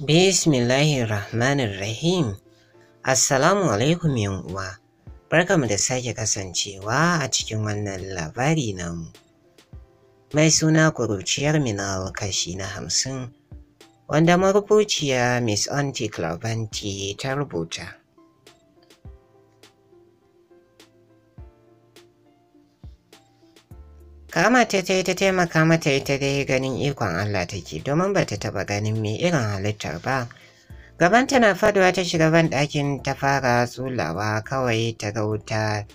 Bismillahirrahmanirrahim. Assalamu alaikum uwa. Barkanmu da sake kasancewa a cikin wannan labari namu. Mai suna kuruciyar minal kashi na hamsin, wanda marubuciya Miss Auntie Clavanti ta rubuta. Kama ta ta yi ta taimaka mata ita dai ganin ikon Allah take domin ba ta taɓa ganin mai irin halittar ba. Gaban tana faduwa ta shiga ban ɗakin ta fara tsulawa kawai ta ga wuta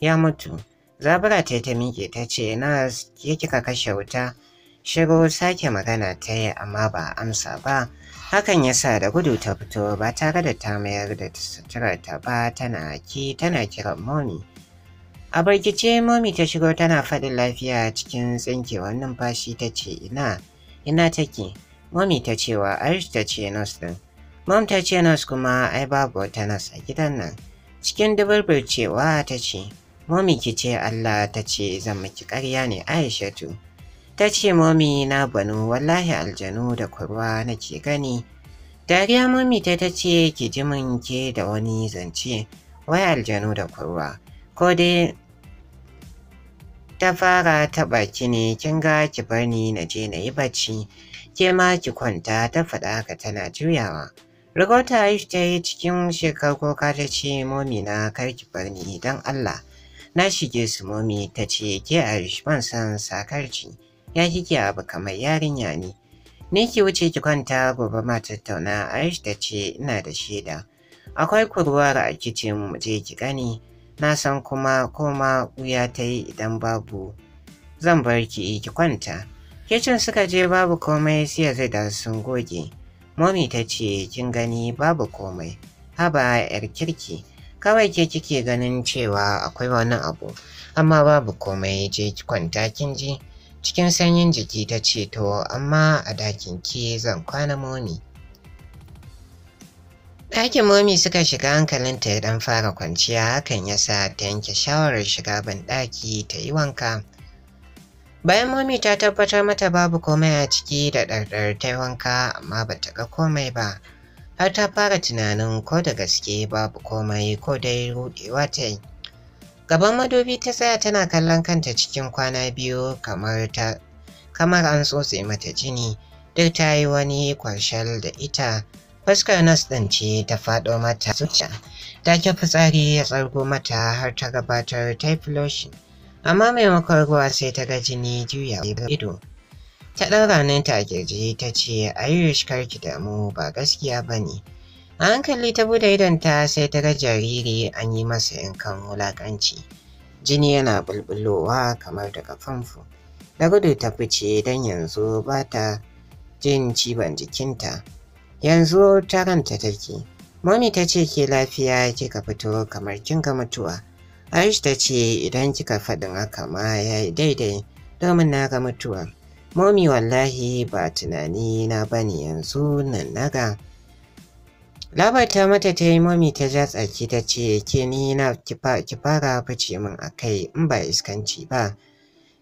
ya mutu. Zabura ta yi ta miƙe ta ce na ya kika kashe wuta. Shiru sake magana ta yi amma ba amsa ba. Hakan ya sa da gudu ta fito ba tare da ta mayar da ta ba tana ki tana kiran moni A birkice Mami ta shigo tana faɗin lafiya cikin tsinkewar numfashi ta ce ina, ina take. Mami ta cewa Arish ta ce nos ɗin. "Mam ta ce nos kuma ai babu wata nas a gidan nan. Cikin dubarbar cewa ta ce, "Mami ki ce Allah ta ce zan miki ƙarya ne Aishatu. Ta ce Mami na banu wallahi aljanu da kurwa nake gani. Dariya Mami ta ta ce ki ji min ke da wani zance wai aljanu da kurwa. ko dai ta fara taɓa ki ne kin ga ki bar ni na je na yi bacci ke ma ki kwanta ta faɗa ka tana juyawa rigota Aisha ta yi cikin shekar kuka ta ce momi na kar ki bar ni don Allah na shige su momi ta ce ke Aisha ban san ci. ya kike abu kamar yarinya ne ni ki wuce ki kwanta gobe ma tattauna aish ta ce ina da shaida akwai kurwar a kicin mu je ki gani na san kuma koma wuya ta yi idan babu zan bar ki ki kwanta kicin suka je babu komai sai zai da sun goge Moni ta ce kin gani babu komai haba yar kirki kawai ke kike ganin cewa akwai wani abu amma babu komai je ki kwanta kin ji cikin sanyin jiki ta ce to amma a dakin ki zan kwana moni. Ɗakin momi suka shiga hankalinta ya ɗan fara kwanciya hakan ya sa ta yanke shawarar shiga banɗaki ta yi wanka. Bayan momi ta tabbatar mata babu komai a ciki da ɗarɗar ta yi wanka amma ba ta ga komai ba. Har ta fara tunanin ko da gaske babu komai ko dai ruɗewa ta yi. Gaban madobi ta tsaya tana kallon kanta cikin kwana biyu kamar ta kamar an tsotse mata jini duk ta yi wani kwanshal da ita Fuskar nas ɗin ce ta faɗo mata zuciya. ke fitsari ya tsargo mata har ta gabatar ta yi Amma maimakon ruwa sai ta ga jini juya ido. Ta ɗan ta a kirji ta ce Ayush karki damu ba gaskiya ba ne. A hankali ta bude idonta sai ta ga jariri an yi masa yankan wulaƙanci. Jini yana bulbulowa kamar daga famfo. Da gudu ta fice don yanzu ba ta jin ciwon jikinta. yanzu ta ranta take Mami ta ce ke lafiya kika fito kamar kin ga mutuwa Aisha ta ce idan kika faɗin haka ma ya yi daidai domin na ga mutuwa Mami wallahi ba tunani na bane yanzu nan naga Labarta mata ta yi mami ta ja tsaki ta ce ke ni na ki fara fice min a kai in ba iskanci ba.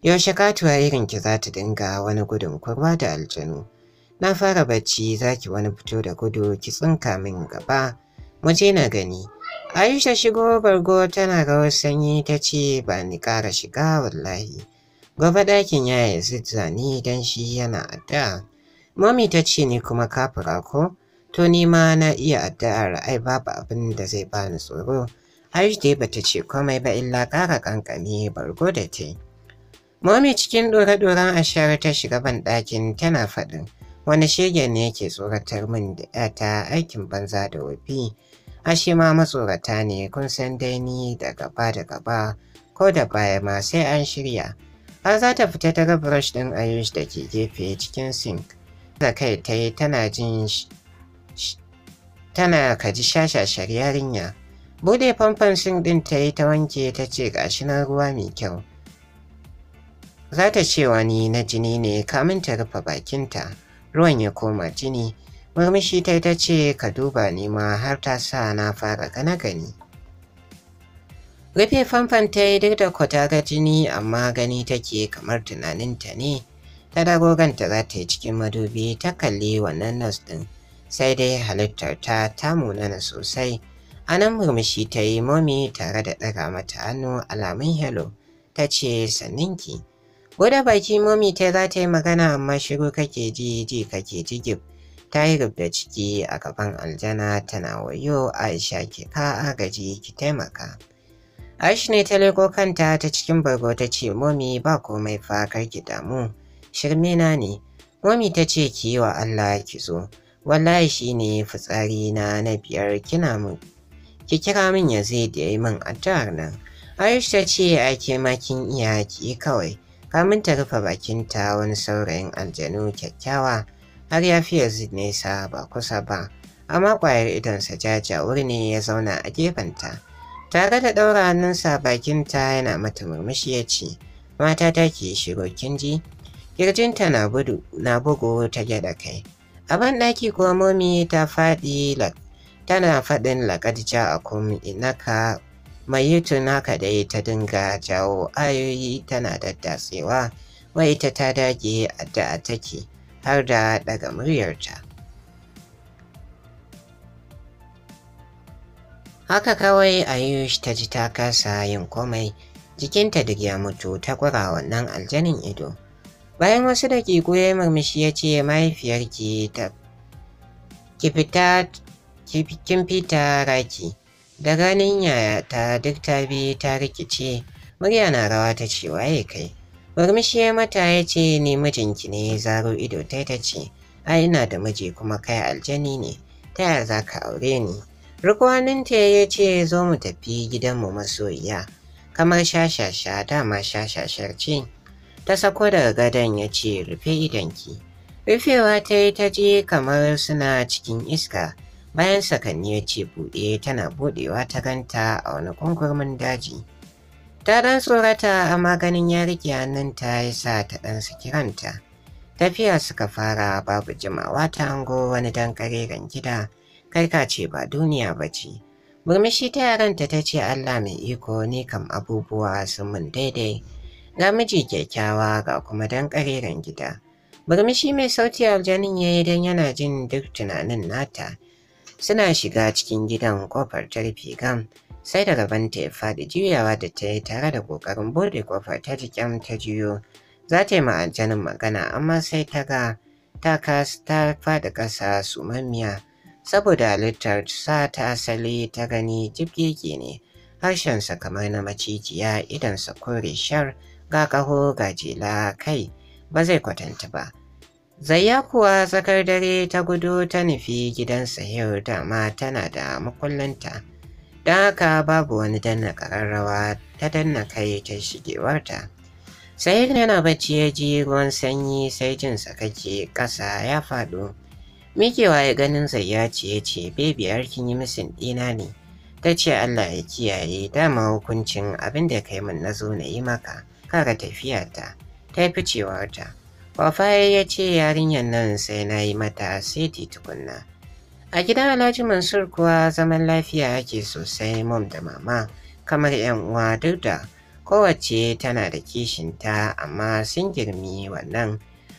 Yaushe katuwa irin ki za ta dinga wani gudun kurwa da aljanu. na fara bacci ki wani fito da gudu ki tsinka min gaba mu je na gani Aisha shigo bargo tana rawar sanyi ta ce ba ni ƙara shiga wallahi gobe ɗakin yaya yi dan don shi yana addu'a Mami ta ce ni kuma kafura ko to ni ma na iya addu'ar ai babu abin da zai bani tsoro Aisha dai bata ce komai ba illa ƙara kankami bargo da te. Mami cikin ɗore-ɗoren ashar ta shiga ban ɗakin tana faɗin. wani shege ne yake tsoratar min da ‘yata aikin banza da wafi A shi ma matsorata ne kun san dai da gaba da gaba ko da baya ma sai an shirya har za ta fita ta ga brush ɗin ayush da ke gefe cikin sink da kai ta yi tana jin tana kaji shashashar yarinya bude famfon sink ɗin ta yi ta wanke ta ce gashi na ruwa mai kyau za ta ce wani na jini ne kamin ta rufe bakinta ruwan ya koma jini murmushi ta ta ce ka duba ni ma har ta sa na fara gana gani rufe famfan ta yi duk da kwata ga jini amma gani take kamar tunaninta ne ta dago ganta za ta yi cikin madubi ta kalli wannan nas ɗin sai dai halittar ta ta munana sosai a nan murmushi ta yi momi tare da ɗaga mata hannu alamun hello ta ce sanninki Goda baki momi ta za ta yi magana amma shigo kake ji ji kake jigib. Ta yi rubda ciki a gaban aljana tana wayo Aisha ke ka agaji ki taimaka. Aisha ne ta leko kanta ta cikin bargo ta ce momi ba komai fa kar ki damu. Shirme na ne. Momi ta ce ki yi wa Allah ki zo. Wallahi shi ne fitsari na na biyar kina mu. Ki kira min ya zai da yi min addu'ar nan. Aisha ta ce ake makin iya ki kawai. kamin ta rufe bakinta wani saurayin aljanu kyakkyawa har ya fiye nesa ba kusa ba amma ƙwayar idonsa wuri ne ya zauna a gefenta tare da ɗaura hannunsa bakinta yana mata murmushi ya ce mata ta ke shigo kin ji kirjinta na gudu na bugu ta gyada kai a banɗaki ko momi ta faɗi tana faɗin lakadja a komi inaka mai yutun haka dai ta dinga jawo ayoyi tana daddatsewa wai ta ta dage da take har da daga muryarta. Haka kawai Ayush ta ji ta kasa yin komai, jikinta duk ya mutu ta kura wannan aljanin ido. Bayan wasu daƙiƙu ya yi murmushi ya ce mahaifiyarki ta ki fita raki Da ganin yayata duk ta bi ta rikice, murya na rawa ta ce waye kai. Murmushi ya mata ya ce ni mijinki ne zaro ido ta ta ce, ai ina da miji kuma kai aljani ne, ta yaya za ka aure ni? Rukwaninta ya ce zo mu tafi gidanmu masoyiya, kamar shashasha dama shashashar ce. Ta sako daga gadon ya ce rufe idonki. Rufewa ta yi ta je kamar suna cikin iska. Bayan sakanni ya ce buɗe tana buɗewa ta ganta a wani kungurmin daji. Ta ɗan tsorata amma ganin ya rike ta ya sa ta ɗan su kiranta. Tafiya suka fara babu jimawa ta hango wani dan kareren gida, kai ka ce ba duniya ba ce. Murmushi ta yaranta ta ce Allah mai iko ni kam abubuwa sun mun daidai. Ga miji kyakkyawa ga kuma dan gida. Murmushi mai sauti aljanin ya yi don yana jin duk tunanin nata. Suna shiga cikin gidan kofar ta rufe gam, sai da ta ya faɗi juyawa da ta yi tare da ƙoƙarin buɗe kofar ta jikin ta juyo. Za ta yi ma'ajanin magana amma sai ta ga ta faɗi ƙasa sumammiya saboda halittar sa ta asali ta gani jibgege ne. harshensa kamar na macijiya idansa kore shar ga ƙaho ga jela kai ba zai kwatanta ba Zayya kuwa tsakar dare ta gudu ta nufi gidan Sahir dama tana da makullinta. Don haka babu wani danna ƙararrawa ta danna kai ta shigewarta. Sahir yana bacci ya ji ruwan sanyi sai jin sakake ƙasa ya faɗo. Mikewa ya ganin Zayya ce ya ce arkin kin yi misin ɗina ne. Ta ce Allah ya kiyaye dama hukuncin abin da kai min na zo na yi maka kara tafiyata ta fi cewarta. Wafai ya ce yarinyar nan sai na yi mata seti tukunna. A gida Alhaji Mansur kuwa zaman lafiya ake sosai mom da mama kamar 'yan uwa duk da kowace tana da kishinta amma sun girmi wannan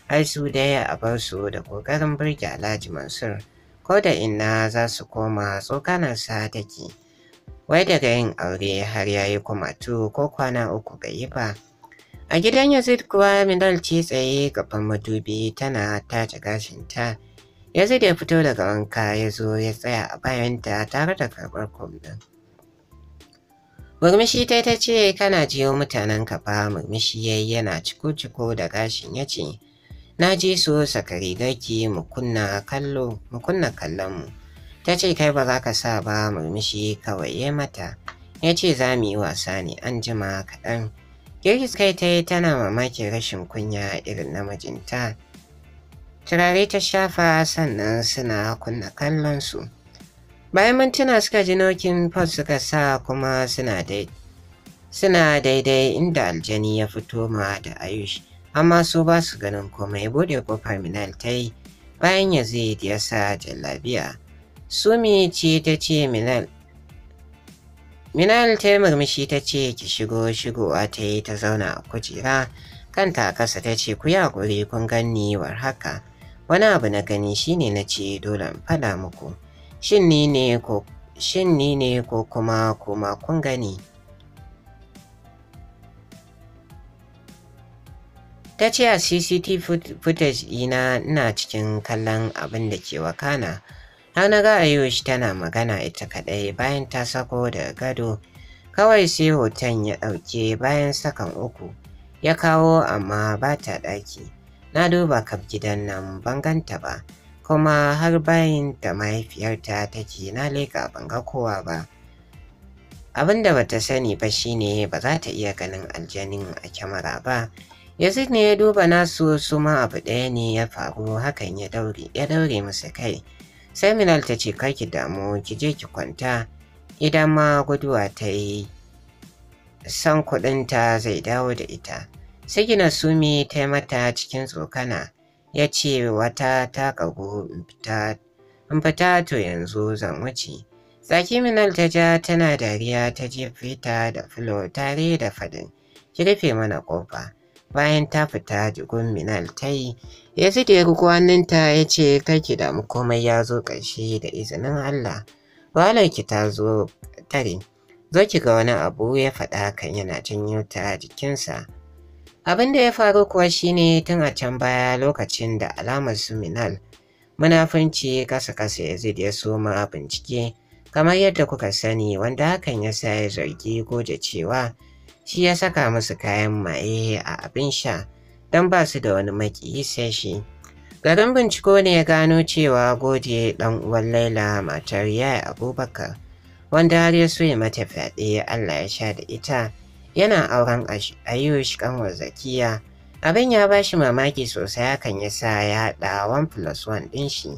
Ai su dai a bar su da ƙoƙarin burge Alhaji Mansur ko da ina za su koma sa take. Wai daga yin aure har yayi yi kumatu ko kwana uku bai yi ba. A gidan Yazid kuwa Minal ce tsaye gaban madubi tana tace gashinta. Yazid ya fito daga wanka ya zo ya tsaya a bayanta tare da karɓar kumɗin. Murmushi ta ta ce kana jiyo mutanen ka fa murmushi yayi yana ciko-ciko da gashin ya ce, Na ji so saka garki mu kunna kallo mu kunna kallon mu. Ta ce kai ba za ka sa ba murmushi kawai ya mata. Ya ce za mu yi wasa ne an jima kaɗan. Girgis kai ta yi tana mamakin rashin kunya irin na majinta. Turare ta shafa sannan suna kunna kallon su. Bayan mintuna suka ji nokin fod suka sa kuma suna dai suna daidai inda aljani ya fito ma da Ayush, amma su ba su ganin komai bude kofar Minal ta yi bayan ya zai diyasa jallabiya. Sumi ce ta ce Minal Minal ta yi murmushi ta ce ki shigo shigowa ta yi ta zauna a kujera kanta a ƙasa ta ce ku yaƙuri kun ganni war haka wani abu na gani shine na ce dole fada muku shin ni ne ko kuma kuma kun gani ta ce a CCTV footage ɗina ina cikin kallon abin da ke wakana. Hana ga Ayush tana magana ita kadai bayan ta sako daga gado, kawai sai hoton ya ɗauke bayan sakan uku, ya kawo amma ba ta ɗaki. Na duba kaf gidan nan ban ganta ba, kuma har bayan da mahaifiyarta take na leƙa ban kowa ba. Abin da bata sani ba shine ba za ta iya ganin aljanin a kyamara ba. Yanzu ne ya duba nasu su ma abu ɗaya ne ya faru hakan ya daure ya daure musu kai. sai ta ce kai ki damu ki je ki kwanta idan ma guduwa ta yi san kuɗinta zai dawo da ita sigina sumi ta mata cikin tsokana ya ce wata ta ƙagu in fita to yanzu zan wuce tsaki minal ta ja tana dariya ta jefe ta da filo tare da faɗin ki rufe mana ƙofa bayan ta fita jikin minal ta yi ya sike ya hannunta ya ce ki damu komai ya zo ƙarshe da izinin allah Walarki ta zo tare zo ki ga wani abu ya faɗa kan yana janyo ta jikinsa abin da ya faru kuwa shine tun a can baya lokacin da alamar su minal munafunci kasa kasa da ya soma bincike kamar yadda kuka sani wanda hakan ya sa ya zargi goje cewa shi ya saka musu kayan maye a abin sha don ba su da wani maki. sai shi. Garin binciko ne ya gano cewa gode ɗan uwan Laila matar yaya Abubakar wanda har ya so ya mata fyaɗe Allah ya sha da ita yana auren Ayush kan Zakiya. Abin ya ba shi mamaki sosai hakan ya sa ya haɗa 1+1 plus ɗin shi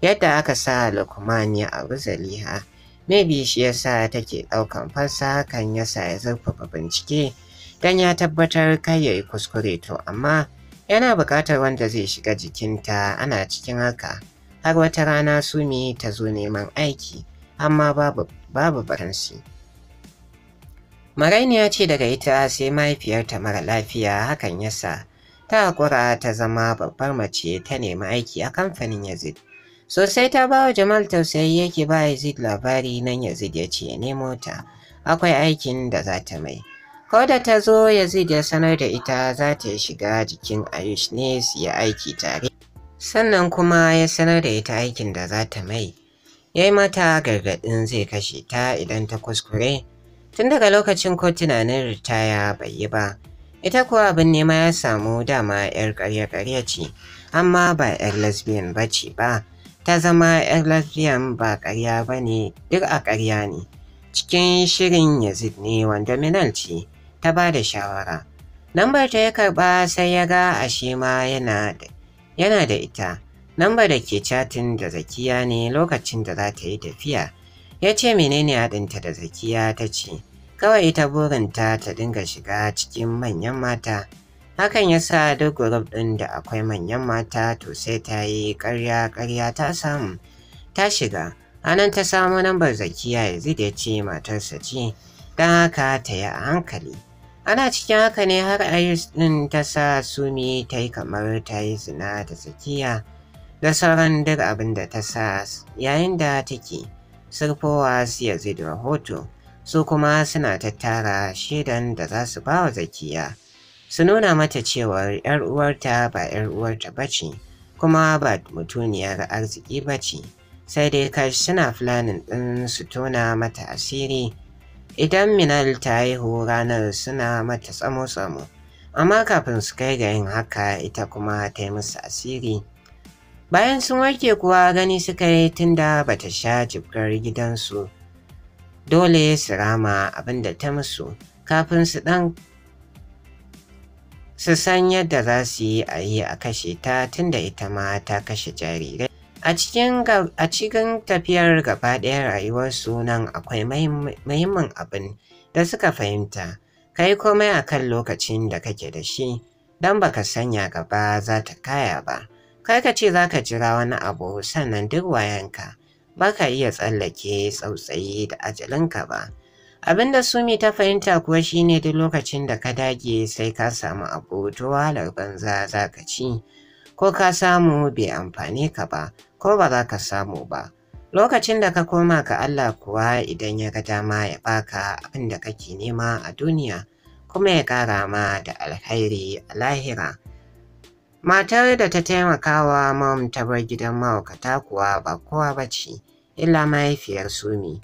yadda aka sa Lukman ya abu Zaliha. maybe shi yasa take ɗaukan fansa kan yasa ya zurfafa bincike don ya tabbatar kai ya yi kuskure to amma yana buƙatar wanda zai shiga jikinta ana cikin haka har wata rana sumi ta zo neman aiki amma babu babu baransi ya ce daga ita sai mahaifiyarta mara lafiya hakan yasa ta haƙura ta zama babbar mace ta nemi aiki a kamfanin yazid Sosai ta bawa Jamal tausayi yake ba Yazid labari nan Yazid ya ce ne mota, akwai aikin da za ta mai. Ko da ta zo Yazid ya sanar da ita za ta shiga jikin Ayush ne su yi aiki tare. Sannan kuma ya sanar da ita aikin da za ta mai. Ya yi mata gargaɗin zai kashe ta idan ta kuskure. Tun daga lokacin ko tunanin ritaya bai yi ba. Ita kuwa abin nema ya samu dama 'yar ƙarya-ƙarya ce, amma ba 'yar lesbian ba ce ba. ta zama 'yar lafiyan ba karya ba ne duk a ƙarya ne cikin shirin yazid ne wanda minal ce ta ba da shawara lambar ta ya karɓa sai ya ga ashe ma yana da ita lambar da ke catin da zakiya ne lokacin da za ta yi tafiya ya ce menene haɗinta da zakiya ta ce kawai ita burinta ta dinga shiga cikin manyan mata Hakan ya sa duk gurub ɗin da akwai manyan mata to sai ta yi ƙarya ƙarya ta samu ta shiga. Anan ta samo lambar zakiya yanzu da ya ce matarsa ce don haka ta yi a hankali. Ana cikin haka ne har Ayus ɗin ta sa Sumi ta yi kamar ta yi zina da zakiya da sauran duk abin da ta sa yayin da take surfowa su ya zai rahoto su kuma suna tattara shaidan da za su ba wa zakiya. su nuna mata cewa 'yar uwarta ba 'yar uwarta ba ce kuma ba mutuniyar arziki ba ce sai dai kashi suna fulanin ɗin su tona mata asiri idan minal ta haihu ranar suna mata tsamo-tsamo amma kafin su kai ga yin haka ita kuma ta yi musu asiri bayan sun warke kuwa gani suka yi tunda ba ta sha jibgar gidansu dole su rama abin da ta musu kafin su ɗan su san yadda za su yi a yi a kashe ta tunda ita ma ta kashe jarirai. A cikin tafiyar gaba ɗaya rayuwarsu nan akwai muhimmin abin da suka fahimta, ka yi komai a kan lokacin da kake da shi, don baka sanya gaba za ta kaya ba. Kai ka ce za ka jira wani abu sannan duk wayanka, ba ka iya tsallake tsautsayi da ajalinka ba. Abin da Sumi ta fahimta kuwa shine duk lokacin da ka dage sai ka samu abu to banza za ka ci, ko ka samu bai amfani ka ba, ko ba za ka samu ba. Lokacin da ka koma ga Allah kuwa idan ya ga dama ya baka abin da kake nema a duniya, kuma ya ƙara ma da alkhairi a lahira. Matar da ta taimakawa mom ta bar gidan mahaukata kuwa ba kowa ba ce, illa mahaifiyar Sumi.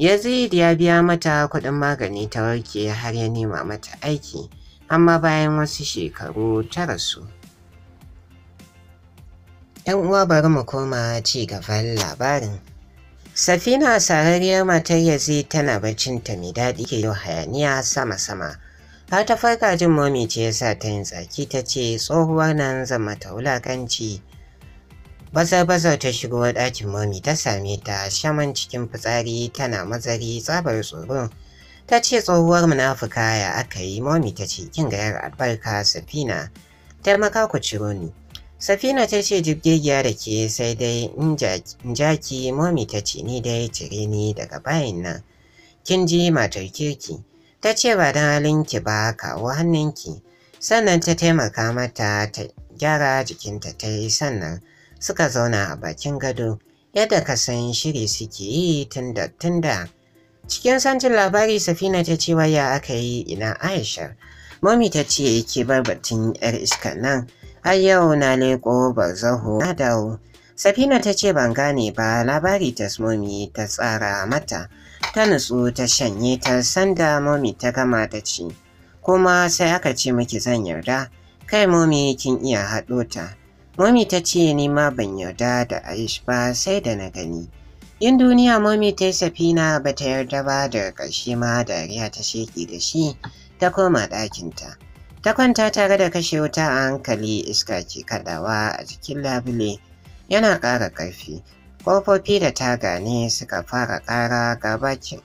Yazid ya biya mata kuɗin magani ta warke har ya nema mata aiki, amma bayan wasu shekaru ta rasu. ‘Yan uwa bari mu koma ci gaban labarin. Safina sarariyar matar Yazid tana barcin ta mai daɗi ke yau hayaniya sama-sama. Har ta farka jin momi ce ya sa ta yin tsaki ta ce tsohuwar nan zama ta wulaƙanci. Bazar-bazar ta shigo ɗakin momi ta same ta shaman cikin fitsari tana mazari tsabar tsoro. Ta ce tsohuwar munafuka ya aka yi mami ta ce kin gayar albarka safina. Taimaka ku ciro ni. Safina ta ce jibgegiya da ke sai dai in jaki momi ta ce ni dai cire ni daga bayan nan. Kin ji matar kirki. Ta ce ba don halinki ba kawo hannunki. Sannan ta taimaka mata ta gyara jikinta ta yi sannan suka zauna a bakin gado yadda ka san shiri suke yi tunda tunda cikin sanjin labari safina ta ce waya aka yi ina aisha mami ta ce ke bar batun yar iska nan har yau na leko barzaho na dawo safina ta ce ban gane ba labari ta Mami ta tsara mata ta nutsu ta shanye ta sanda Mami ta gama ta ce kuma sai aka ce miki zan yarda kai Mami kin iya haɗo ta Mami ta ce ni ma ban yarda da Aish ba sai da na gani. In duniya Mami ta yi safina ba ta yarda ba da ƙarshe ma dariya ta sheki da shi ta koma ɗakinta. Ta kwanta tare da kashe wuta a hankali iska ke kaɗawa a jikin labule yana ƙara ƙarfi. Ƙofofi da taga ne suka fara ƙara gabakin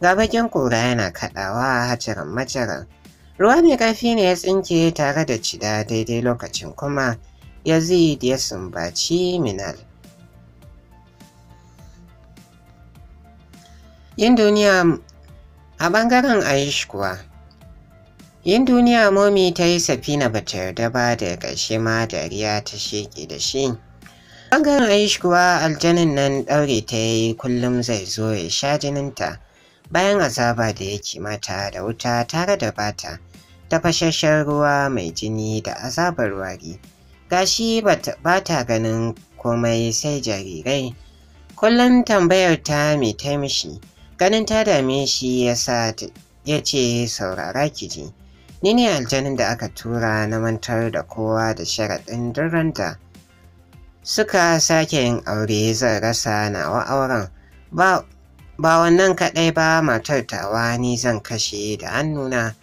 bakin. ƙura yana kaɗawa hatsarin macaran. Ruwa mai ƙarfi ne ya tsinke tare da cida daidai lokacin kuma. Yazid ya sumbaci Minal. Yin duniya a ɓangaren Aish kuwa, yin duniya momi ta yi safina ba ta yarda ba da ƙarshe ma dariya ta sheƙe da shi. Ɓangaren Aish kuwa aljanin nan ɗaure ta yi kullum zai zo ya sha jininta bayan azaba da yake mata da wuta tare da bata ta fashashen ruwa mai jini da azabar wari. gashi ba ta ganin komai sai jarirai. Kullum tambayar ta mai ta ganin ta dame shi ya sa ya ce saurara ki Ni ne aljanin da aka tura na mantar da kowa da sharaɗin duran suka sake yin aure zan rasa nawa auren ba ba wannan kaɗai ba matar tawa ni zan kashe da hannuna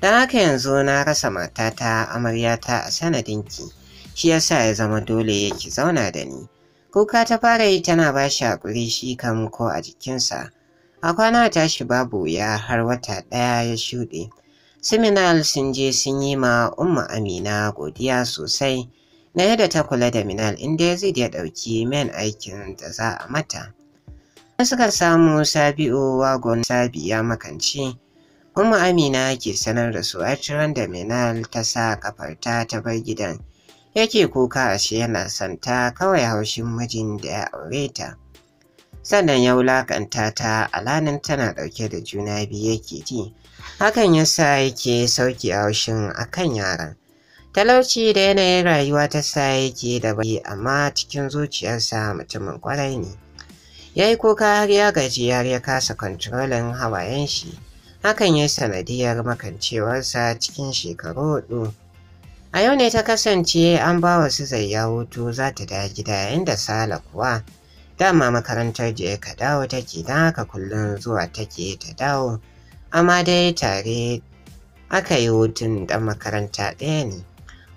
don haka yanzu na rasa matata amaryata a sanadinki shi yasa ya zama dole yake zauna da ni. Kuka ta fara yi tana ba shi haƙuri shi kam ko a jikinsa. A kwana tashi babu ya har wata ɗaya ya shuɗe. Siminal sun je sun yi ma Umma Amina godiya sosai na yadda ta kula da Minal inda Yazid ya ɗauki men aikin da za a mata. Na suka samu Sabi'u wagon Sabi ya makance, Umma Amina ke sanar da su a da Minal ta sa kafarta ta bar gidan. yake kuka ashe yana santa kawai haushin mijin da ya aure ta. Sannan ya wulakanta ta alanin tana ɗauke da juna biyu yake ji, hakan ya yasa yake sauki haushin akan yaran. Talauci da yanayin rayuwa ta sa yake da bai amma cikin zuciyarsa mutumin kwarai ne. Ya yi kuka har ya gaji har ya kasa kontrolin hawayen shi, hakan ya sanadiyar makancewarsa cikin shekaru hudu. A yau ne ta kasance an ba wa su zayya hutu za ta dawo gida yayin da Sala kuwa dama makarantar je ka dawo take don haka kullum zuwa take ta dawo amma dai tare aka yi hutun ɗan makaranta ɗaya ne.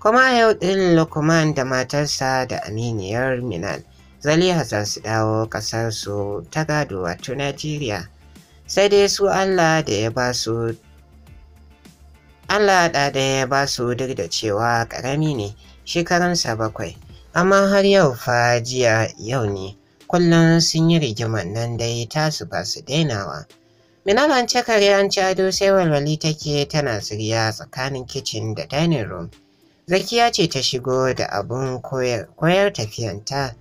Kuma a yau ɗin Lukman da matarsa da aminiyar Minal Zaliha za su dawo ƙasarsu ta gado wato Najeriya. Sai dai su Allah da ya ba su Allah ɗaɗa ya ba su duk da cewa ƙarami ne shekarunsa bakwai amma har yau fa jiya yau ne kullum sun yi rigiman nan dai tasu ba su dainawa. Minalan cakar an ci ado sai walwali take tana sirya tsakanin kicin da dining room. Zakiya ce ta shigo da abun koyar, koyar tafiyanta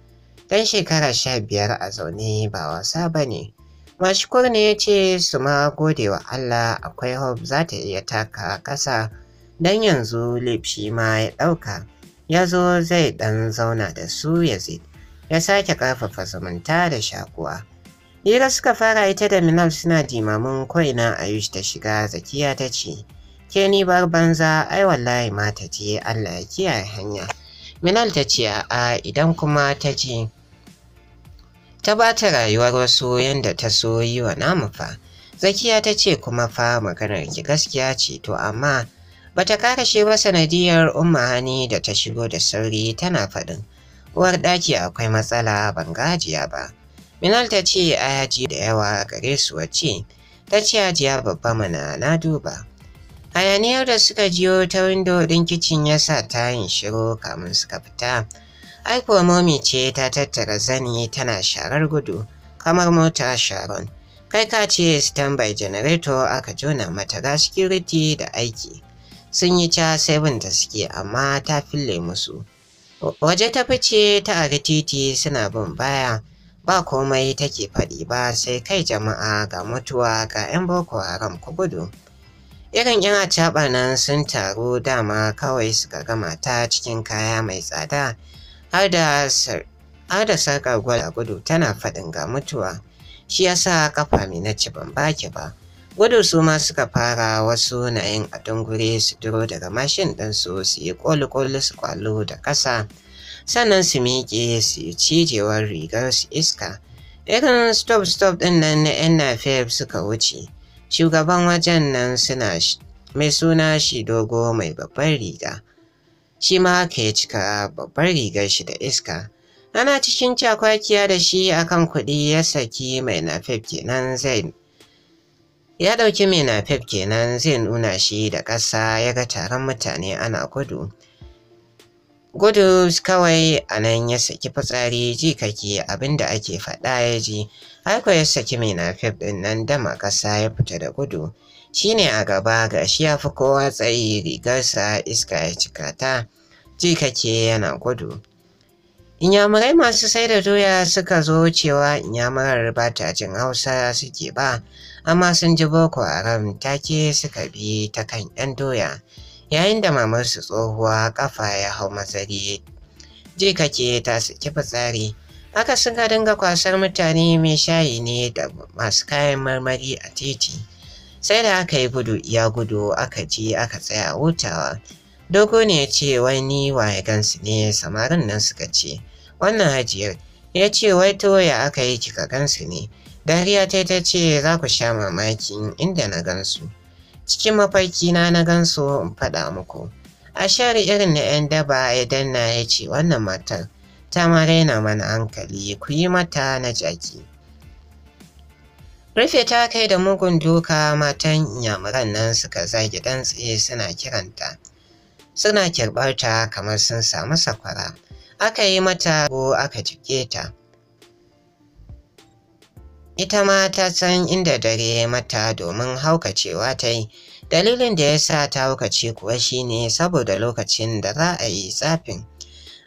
don shekara sha biyar a zaune ba wasa ba ne. Mashkur ne ya ce su ma gode wa Allah akwai Hope za ta iya taka ƙasa don yanzu lipshi ma ya ɗauka ya zo zai ɗan zauna da su ya zai. ya sake ƙarfafa zumunta da shakuwa. Hira suka fara ita da Minal suna jimamin koina Ayush ta shiga zakiya ta ce, Ke ni bar banza ai wallahi ma ta je Allah ya kiyaye hanya. Minal ta ce a'a idan kuma ta ce ta bata rayuwar wasu yadda ta so yi wa namu fa zakiya ta ce kuma fa maganar ki gaskiya ce to amma bata shi ba sanadiyar umma hani da ta shigo da sauri tana faɗin uwar ɗaki akwai matsala ban gajiya ba minal ta ce a yaji da yawa gare su wace ta ce ajiya babba mana na duba hayaniyar da suka jiyo ta windo ɗin kicin ya sa tayin shiru kamun suka fita Aiko momi ce ta tattara zani tana sharar gudu, kamar mota sharon. Kai ka ce standby generator aka jona mata ga security da aiki. Sun yi ca sai binta suke amma ta fille musu. Waje ta fice ta a titi suna bin baya, ba komai take faɗi ba sai kai jama'a ga mutuwa ga 'yan boko haram ku gudu. Irin yan acaɓa nan sun taru dama kawai suka gama ta cikin kaya mai tsada. har da sarƙar gwal a gudu tana faɗin ga mutuwa shi ya sa kafa mai na ci ban baki ba gudu su ma suka fara wasu na yin a dungure su duro daga mashin ɗinsu su yi ƙoli su ƙwalo da ƙasa sannan su miƙe su yi cijewar rigar su iska irin stop-stop ɗin nan na 'yan nafiyar suka wuce shugaban wajen nan suna mai suna shi dogo mai babban riga shi ma haka ya cika babbar rigar shi da iska. Ana cikin cakwakiya da shi akan kuɗi ya saki mai nafef kenan zai ya ɗauki mai nafef kenan zai nuna shi da ƙasa ya ga taron mutane ana gudu. Gudu kawai a nan ya saki fitsari ji kake abin da ake faɗa ya ji, aiko ya saki mai nafef ɗin nan dama ƙasa ya fita da gudu. shi ne a gaba ga shi ya fi kowa tsayi rigarsa iska ya cika ta ji kake yana gudu inyamurai masu sai da doya suka zo cewa inyamurar ba ta jin hausa suke ba amma sun ji boko haram take suka bi ta kan yan doya yayin da mamarsu tsohuwa kafa ya hau mazari ji kake ta saki fitsari Aka suka dinga kwasar mutane mai shayi ne da masu kayan marmari a titi sai da aka yi gudu ya gudu aka ji aka tsaya hutawa dogo ne ya ce wai ni waye gansu ne samarin nan suka ce wannan hajiyar ya ce wai to ya aka yi kika gansu ne dariya ta ta ce za ku sha mamaki inda na gansu cikin mafarki na na gansu in faɗa muku a share irin na 'yan daba ya danna ya ce wannan matar ta ma raina mana hankali ku yi mata na jaki Rufe ta kai da mugun duka matan yamuran nan suka zagi dan tsaye suna kiranta. Suna kirɓarta kamar sun samu sakwara. Aka yi mata ko aka jike ta. Ita ma ta san inda dare mata domin haukacewa ta yi. Dalilin da ya sa ta haukace kuwa shine saboda lokacin da za a yi tsafin.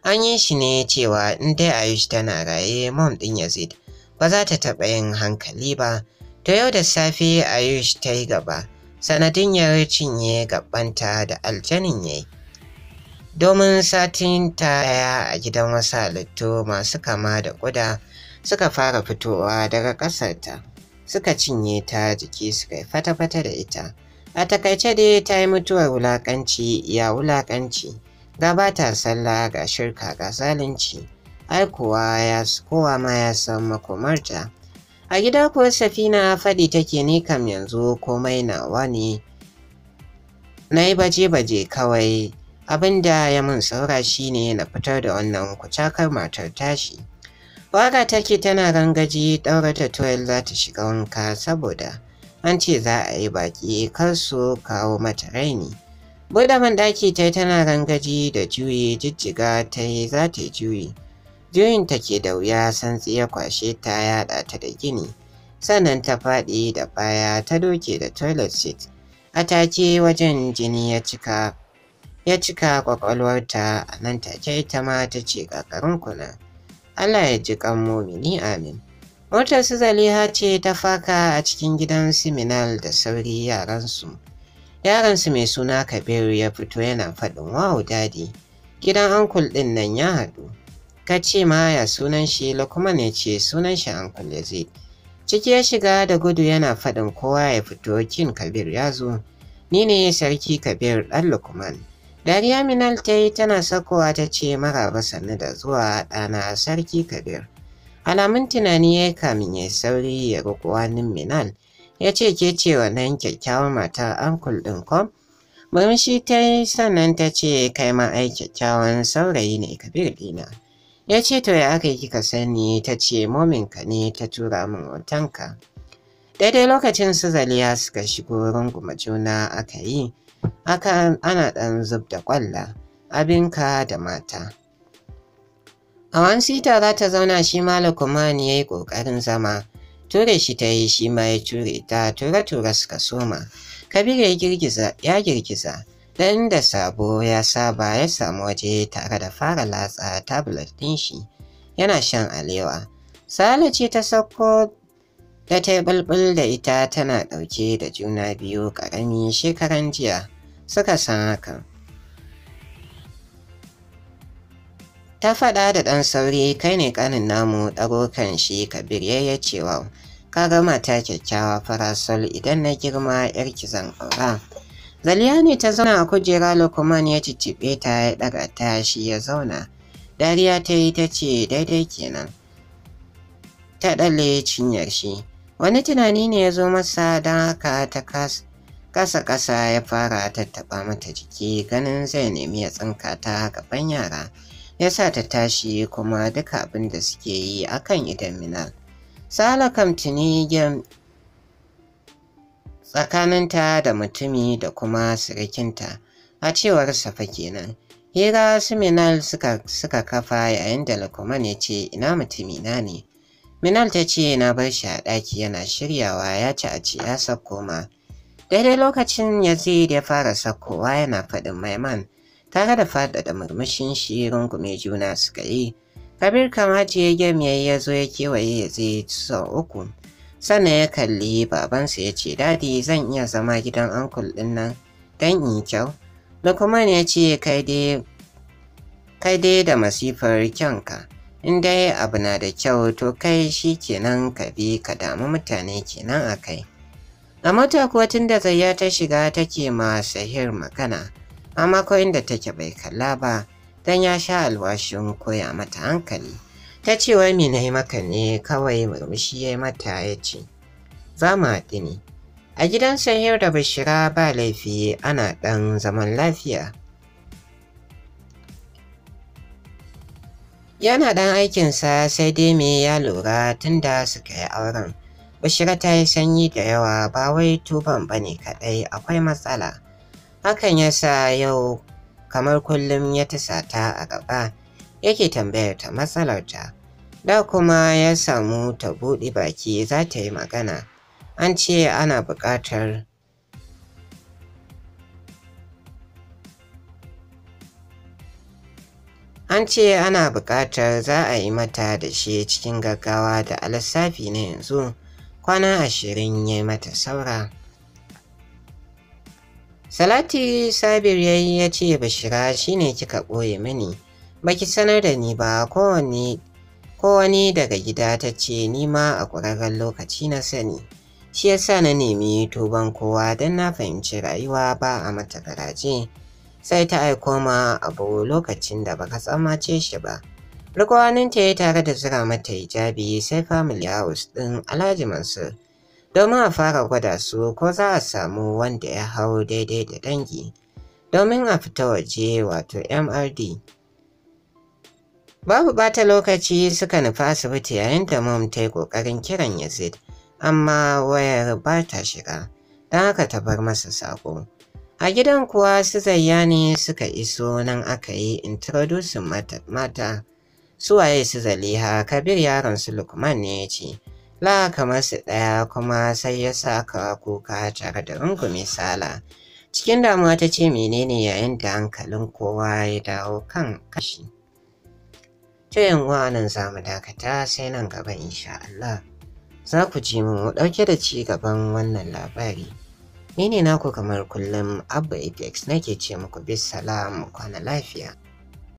An yi shi ne cewa in dai Ayush tana raye mom ɗin Yazid ba za ta taɓa yin hankali ba. To yau da safe Ayush ta yi gaba, sanadin ya cinye gabanta da aljanin ya yi. Domin satin ta ɗaya a gidan wasu halittu masu kama da ƙuda suka fara fitowa daga ƙasarta, suka cinye ta jiki suka yi fata-fata da ita. A takaice dai ta yi mutuwar wulaƙanci ya wulaƙanci, ga sallah ga shirka ga zalunci. ai kowa ma ya san makomarta. A gida kuwa Safina faɗi take ni kam yanzu komai na wani Na yi baje-baje kawai Abinda ya mun saura shine na fitar da wannan kucakar matar tashi. Waka take tana rangaji ɗaurata tuwal za ta shiga wanka saboda an ce za a yi baƙi kar su kawo mata raini. Buɗe man ɗaki ta tana rangaji da juyi jijjiga ta yi za ta juyi. Juyin ke da wuya santsi ya kwashe ta ya ta da gini, sannan ta faɗi da baya ta doke da toilet seat. A take wajen jini ya cika ya cika kwakwalwarta a nan take ita ma ta ce ƙaƙarin kuna. Allah ya ji kan mumini amin. Motar su Zaliha ce ta faka a cikin gidan Siminal da sauri yaransu. Yaransu mai suna Kabiru ya fito yana faɗin wawu dadi. Gidan ankul ɗin nan ya haɗu. ka ce ma ya sunan shi Lukman ya ce sunan shi kulle Yazid. Ciki ya shiga da gudu yana faɗin kowa ya fito kin Kabir ya zo. Ni ne sarki Kabir ɗan Lukman. Dariya Minal ta yi tana sakowa ta ce maraba sannu da zuwa ɗana sarki Kabir. Alamun tunani ya kamin ya sauri ya roƙo hannun Minal. Ya ce ke ce wannan kyakkyawar mata ankul ɗin kom? Murmushi ta yi sannan ta ce kai ma ai kyakkyawan saurayi ne Kabir ɗina. ya ce to ya aka kika sani ta ce mominka ne ta tura min wutanka. daidai lokacin su zaliya suka shigo runguma juna aka yi aka ana ɗan zub da kwalla abinka da mata a wansita za ta zauna shi malakumani ya yi ƙoƙarin zama ture shi ta yi shi ma ya ture ta tura-tura suka soma kabiru ya ya girgiza Dan da sabo ya saba ya samu waje tare da fara latsa tablet ɗin shi yana shan alewa. Sale ce ta sauko da ta bulbul da ita tana ɗauke da juna biyu ƙarami shekaran jiya suka san hakan. Ta faɗa da ɗan sauri kai ne ƙanin namu ɗago kan shi kabir ya cewa ka gama ta kyakkyawa farasol idan na girma 'yarki zan aura. Zaliya ta zauna a kujera Lukman ya cicciɓe ta ya ɗaga ta shi ya zauna. Dariya ta yi ta ce daidai kenan. Ta ɗalle cinyar shi. Wani tunani ne ya zo masa don haka ta kasa kasa ya fara tattaɓa mata jiki ganin zai nemi ya tsinka ta gaban yara. Ya sa ta tashi kuma duka abin da suke yi akan idan minal. Sala kam tuni tsakaninta da mutumi da kuma sirikinta a cewar safa kenan hira su minal suka, suka kafa yayin da lakuman ya ce ina mutumi na ne minal ta ce na bar shi a ɗaki yana shiryawa ya ci a ci ya sakko ma daidai lokacin yazid ya fara sakkowa yana faɗin maiman tare da faɗaɗa murmushin shi rungume juna suka yi kabir kamaji ya gami ya zo ya kewaye ya zai sau uku Sana ya kalli babansa ya ce dadi zan iya zama gidan ankul ɗin nan don in kyau lukman ya ce kai dai da masifar kyanka in dai abu na da kyau to kai shi kenan ka bi ka damu mutane kenan a kai a mota kuwa tun da zayya ta shiga take ma sahir magana amma ko inda take bai kalla ba don ya sha alwashin koya mata hankali Ta ce wai me na yi maka ne kawai murmushi ya yi mata ya ce, za mu haɗu ne. A gidan Sahir da Bashira ba laifi ana ɗan zaman lafiya. Yana ɗan aikinsa sai dai me ya lura tun da suka yi auren. Bashira ta yi sanyi da yawa ba wai tuban ba ne kaɗai akwai matsala. Hakan ya sa yau kamar kullum ya ta ta a gaba. yake tambayar ta matsalarta. Da kuma ya samu ta buɗe baki za ta yi magana, an ce ana buƙatar An ce ana buƙatar za a yi mata da shi cikin gaggawa da lissafi na yanzu kwana ashirin ya mata saura. Salati Sabir ya yi ya ce Bashira shi ne kika ɓoye mini, Baki sanar da ni ba kowani daga gida ta ce ni ma a ƙwararren lokaci na sani. Shi ya sa na nemi tuban kowa don na fahimci rayuwa ba a mata garaje. Sai ta aiko ma abu lokacin da baka tsammace shi ba. Rikwaninta ya tare da zira mata hijabi sai family house ɗin Alhaji Mansur. Domin a fara gwada su ko za a samu wanda ya hau daidai da dangi. Domin a fita waje wato MRD. Babu bata lokaci suka nufi asibiti yayin da mom ta yi ƙoƙarin kiran Yazid, amma wayar ba ta shiga, don haka ta bar masa saƙo. A gidan kuwa su Zayyani suka iso nan aka yi introducing mata, mata suwaye su Zaliha Kabir yaron su Lukman ne ya ce, La kamar su ɗaya kuma sai ya sa ka kuka tare da rungume sala. Cikin damuwa ta ce menene yayin da hankalin kowa ya dawo kan kashi. To yanwa nan za mu dakata sai nan gaba insha Allah. Za ku ji mu ɗauke da ci gaban wannan labari. Ni ne naku kamar kullum Abba Apex nake ce muku bisalam kwana lafiya.